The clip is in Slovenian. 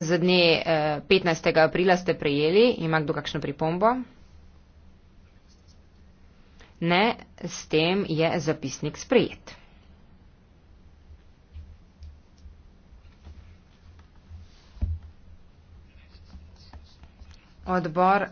Za dne 15. Eh, aprila ste prejeli, ima kdo kakšno pripombo? Ne, s tem je zapisnik sprejet. Odbor.